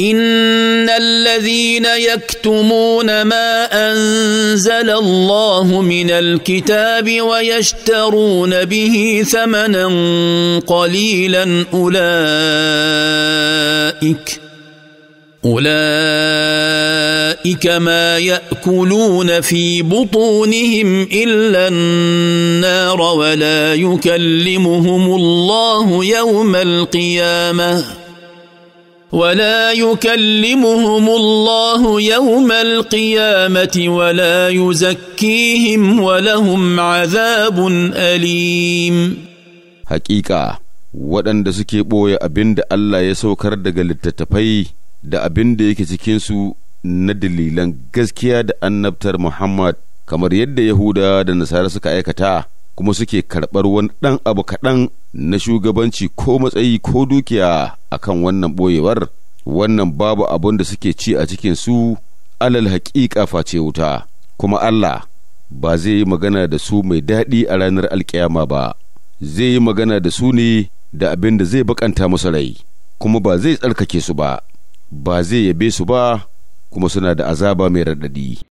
ان الذين يكتمون ما انزل الله من الكتاب ويشترون به ثمنا قليلا اولئك اولئك ما ياكلون في بطونهم الا النار ولا يكلمهم الله يوم القيامه ولا يكلمهم الله يوم القيامه ولا يزكيهم ولهم عذاب اليم Haƙiƙa, waɗanda suke ɓoye abin da Allah ya saukar daga littattafai da abin da yake cikinsu na dalilan gaskiya da annabtar Muhammad kamar yadda Yahuda da Nasara suka aikata kuma suke karɓar wani ɗan abu kaɗan na shugabanci ko matsayi ko dukiya a kan wannan ɓoyewar wannan babu abun da suke ci a cikinsu alal haƙiƙa face wuta kuma Allah ba zai yi magana da su mai daɗi a ranar alƙiyama ba zai yi magana da su ne da abin da zai bakanta musu rai kuma ba zai tsarkake su ba ba zai yabe su ba kuma suna da azaba mai raɗaɗi